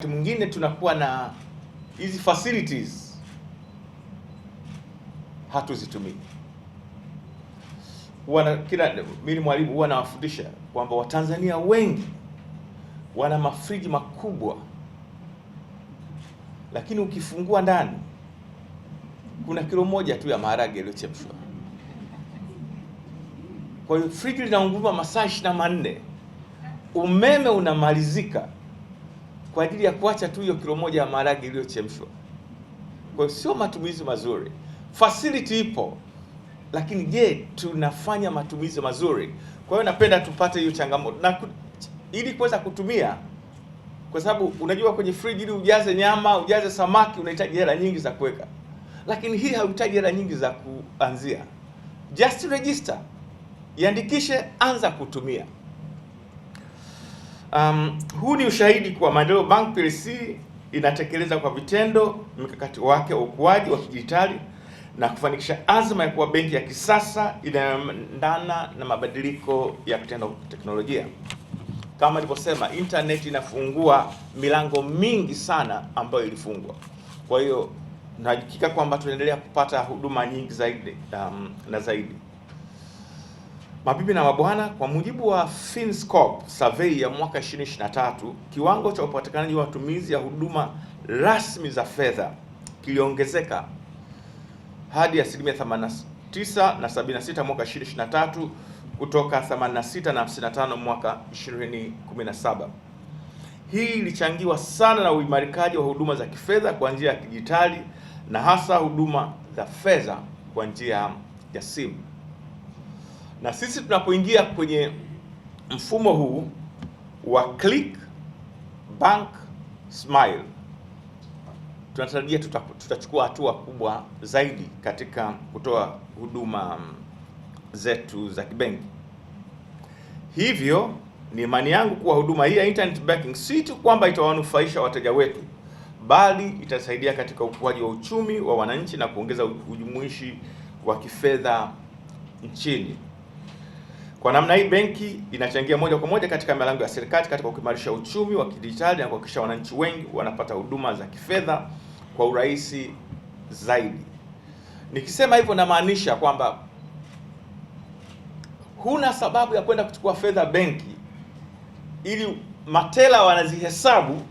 Wakati mwingine tunakuwa na hizi facilities hatuzitumii. Kila mimi ni mwalimu, huwa nawafundisha kwamba Watanzania wengi wana mafriji makubwa, lakini ukifungua ndani kuna kilo moja tu ya maharage yaliyochemshwa. Kwa hiyo friji linaunguma masaa ishirini na manne, umeme unamalizika kwa ajili ya kuacha tu hiyo kilo moja ya maharage iliyochemshwa. Kwa hiyo sio matumizi mazuri, facility ipo, lakini je, tunafanya matumizi mazuri? Kwa hiyo napenda tupate hiyo changamoto na ili kuweza kutumia, kwa sababu unajua kwenye fridge, ili ujaze nyama ujaze samaki unahitaji hela nyingi za kuweka, lakini hii hauhitaji hela nyingi za kuanzia. Just register, iandikishe, anza kutumia. Um, huu ni ushahidi kuwa Maendeleo Bank PLC inatekeleza kwa vitendo mkakati wake wa ukuaji wa kidijitali na kufanikisha azma ya kuwa benki ya kisasa inayoendana na mabadiliko ya kitendo teknolojia. Kama nilivyosema, internet inafungua milango mingi sana ambayo ilifungwa. Kwa hiyo nahakika kwamba tunaendelea kupata huduma nyingi zaidi um, na zaidi. Mabibi na mabwana, kwa mujibu wa Finscope survey ya mwaka 2023, kiwango cha upatikanaji wa matumizi ya huduma rasmi za fedha kiliongezeka hadi asilimia 89 na 76 mwaka 2023 kutoka 86 na 55 mwaka 2017. Hii ilichangiwa sana na uimarikaji wa huduma za kifedha kwa njia ya kidijitali na hasa huduma za fedha kwa njia ya simu. Na sisi tunapoingia kwenye mfumo huu wa Click Bank Smile, tunatarajia tutachukua hatua kubwa zaidi katika kutoa huduma zetu za kibenki. Hivyo ni imani yangu kuwa huduma hii ya internet banking si tu kwamba itawanufaisha wateja wetu, bali itasaidia katika ukuaji wa uchumi wa wananchi na kuongeza ujumuishi wa kifedha nchini. Kwa namna hii benki inachangia moja kwa moja katika malengo ya serikali katika kuimarisha uchumi wa kidijitali na kuhakikisha wananchi wengi wanapata huduma za kifedha kwa urahisi zaidi. Nikisema hivyo namaanisha kwamba huna sababu ya kwenda kuchukua fedha benki ili matela wanazihesabu,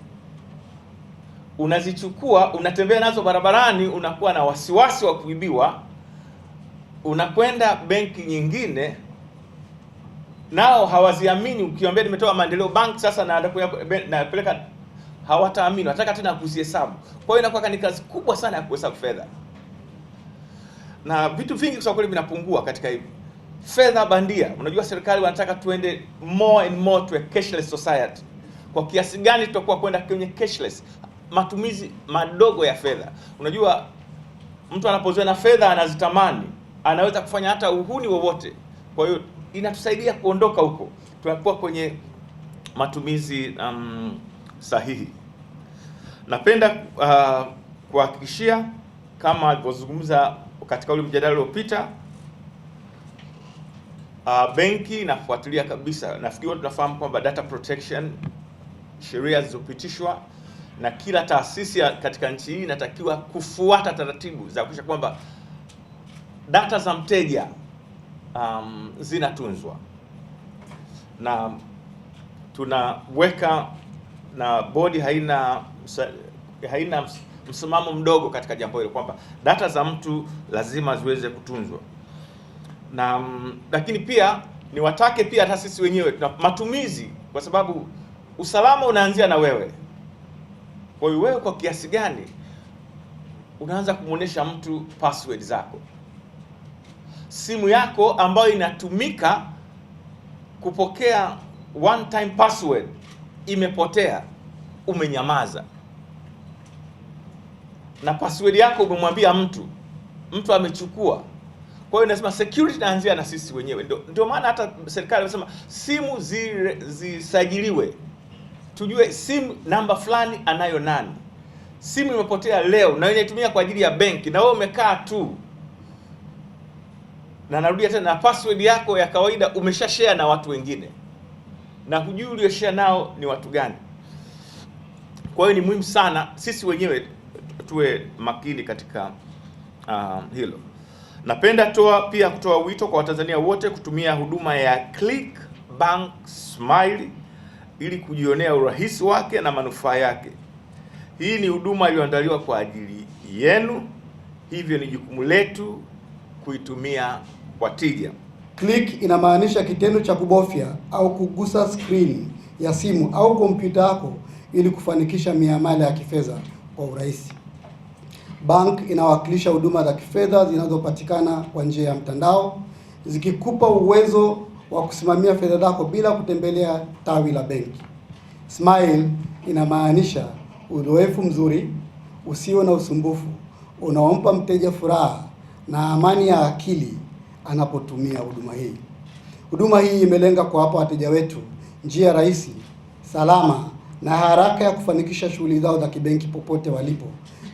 unazichukua, unatembea nazo barabarani, unakuwa na wasiwasi wa kuibiwa, unakwenda benki nyingine nao hawaziamini. Ukiwaambia nimetoa maendeleo bank sasa na napeleka, hawataamini, wataka tena kuzihesabu. Kwa hiyo inakuwa ni kazi kubwa sana ya kuhesabu fedha, na vitu vingi kwa kweli vinapungua katika hivi fedha bandia. Unajua, serikali wanataka tuende more and more to a cashless society. Kwa kiasi gani tutakuwa kwenda kwenye cashless, matumizi madogo ya fedha? Unajua, mtu anapozoea na fedha anazitamani, anaweza kufanya hata uhuni wowote. Kwa hiyo inatusaidia kuondoka huko, tunakuwa kwenye matumizi um, sahihi. Napenda uh, kuhakikishia kama alivyozungumza katika ule mjadala uliopita, uh, benki inafuatilia kabisa. Nafikiri tunafahamu kwamba data protection, sheria zilizopitishwa na kila taasisi katika nchi hii inatakiwa kufuata taratibu za kuhakikisha kwamba data za mteja um, zinatunzwa na tunaweka na bodi haina haina msimamo mdogo katika jambo hilo kwamba data za mtu lazima ziweze kutunzwa na mm, lakini pia ni watake pia hata sisi wenyewe tuna matumizi, kwa sababu usalama unaanzia na wewe. Kwa hiyo wewe kwa kiasi gani unaanza kumwonyesha mtu password zako? simu yako ambayo inatumika kupokea one time password imepotea, umenyamaza na password yako umemwambia mtu, mtu amechukua. Kwa hiyo inasema security inaanzia na sisi wenyewe. Ndio, ndio maana hata serikali inasema simu zisajiliwe, tujue simu namba fulani anayo nani. Simu imepotea leo na wenye kwa ajili ya benki, na wewe umekaa tu na narudia tena, password yako ya kawaida umeshashare na watu wengine, na hujui ulio nao ni watu gani. Kwa hiyo ni muhimu sana sisi wenyewe tuwe makini katika uh, hilo. Napenda toa pia kutoa wito kwa Watanzania wote kutumia huduma ya Click Bank Smile ili kujionea urahisi wake na manufaa yake. Hii ni huduma iliyoandaliwa kwa ajili yenu, hivyo ni jukumu letu kuitumia kwa tija. Click inamaanisha kitendo cha kubofya au kugusa screen ya simu au kompyuta yako ili kufanikisha miamala ya kifedha kwa urahisi. Bank inawakilisha huduma za kifedha zinazopatikana kwa njia ya mtandao zikikupa uwezo wa kusimamia fedha zako bila kutembelea tawi la benki. Smile inamaanisha uzoefu mzuri usio na usumbufu unaompa mteja furaha na amani ya akili anapotumia huduma hii. Huduma hii imelenga kuwapa wateja wetu njia rahisi, salama na haraka ya kufanikisha shughuli zao za kibenki popote walipo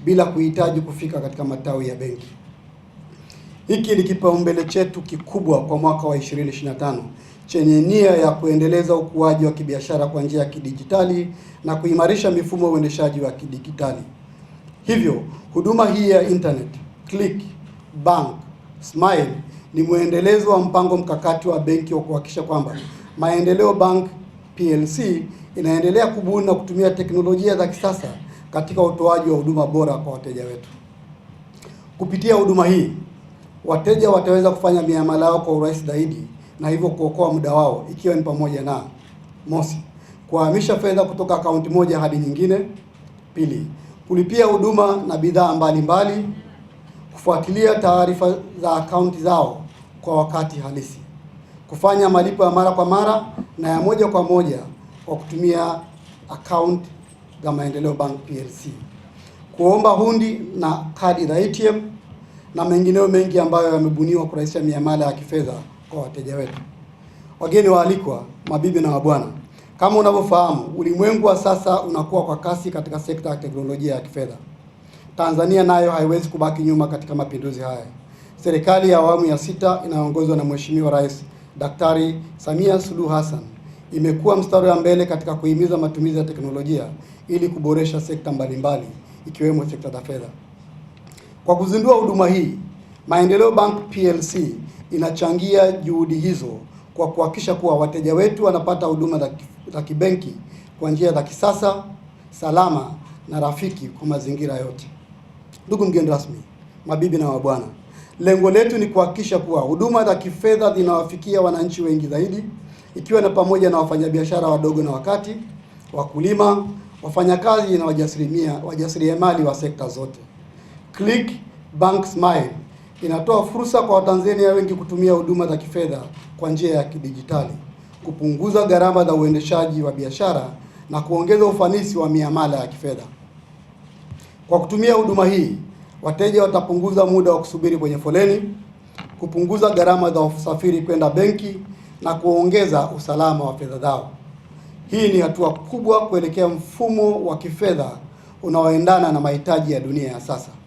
bila kuhitaji kufika katika matawi ya benki. Hiki ni kipaumbele chetu kikubwa kwa mwaka wa 2025 chenye nia ya kuendeleza ukuaji wa kibiashara kwa njia ya kidijitali na kuimarisha mifumo ya uendeshaji wa kidijitali. Hivyo, huduma hii ya internet click Bank Smile ni mwendelezo wa mpango mkakati wa benki wa kuhakikisha kwamba Maendeleo Bank PLC inaendelea kubuni na kutumia teknolojia za kisasa katika utoaji wa huduma bora kwa wateja wetu. Kupitia huduma hii, wateja wataweza kufanya miamala yao kwa urahisi zaidi na hivyo kuokoa muda wao, ikiwa ni pamoja na mosi, kuhamisha fedha kutoka akaunti moja hadi nyingine; pili, kulipia huduma na bidhaa mbalimbali kufuatilia taarifa za akaunti zao kwa wakati halisi, kufanya malipo ya mara kwa mara na ya moja kwa moja kwa kutumia akaunti za Maendeleo Bank PLC, kuomba hundi na kadi za ATM na mengineo mengi ambayo yamebuniwa kurahisisha miamala ya kifedha kwa wateja wetu. Wageni waalikwa, mabibi na mabwana, kama unavyofahamu, ulimwengu wa sasa unakuwa kwa kasi katika sekta ya teknolojia ya kifedha. Tanzania nayo haiwezi kubaki nyuma katika mapinduzi haya. Serikali ya awamu ya sita inayoongozwa na Mheshimiwa Rais Daktari Samia Suluhu Hassan imekuwa mstari wa mbele katika kuhimiza matumizi ya teknolojia ili kuboresha sekta mbalimbali ikiwemo sekta za fedha. Kwa kuzindua huduma hii, Maendeleo Bank PLC inachangia juhudi hizo kwa kuhakikisha kuwa wateja wetu wanapata huduma za kibenki kwa njia za kisasa, salama na rafiki kwa mazingira yote. Ndugu mgeni rasmi, mabibi na mabwana, lengo letu ni kuhakikisha kuwa huduma za kifedha zinawafikia wananchi wengi zaidi, ikiwa na pamoja na wafanyabiashara wadogo na wakati, wakulima, wafanyakazi na wajasiriamali wa sekta zote. Click Bank Smile inatoa fursa kwa Watanzania wengi kutumia huduma za kifedha kwa njia ya kidijitali, kupunguza gharama za uendeshaji wa biashara na kuongeza ufanisi wa miamala ya kifedha. Kwa kutumia huduma hii, wateja watapunguza muda wa kusubiri kwenye foleni, kupunguza gharama za usafiri kwenda benki na kuongeza usalama wa fedha zao. Hii ni hatua kubwa kuelekea mfumo wa kifedha unaoendana na mahitaji ya dunia ya sasa.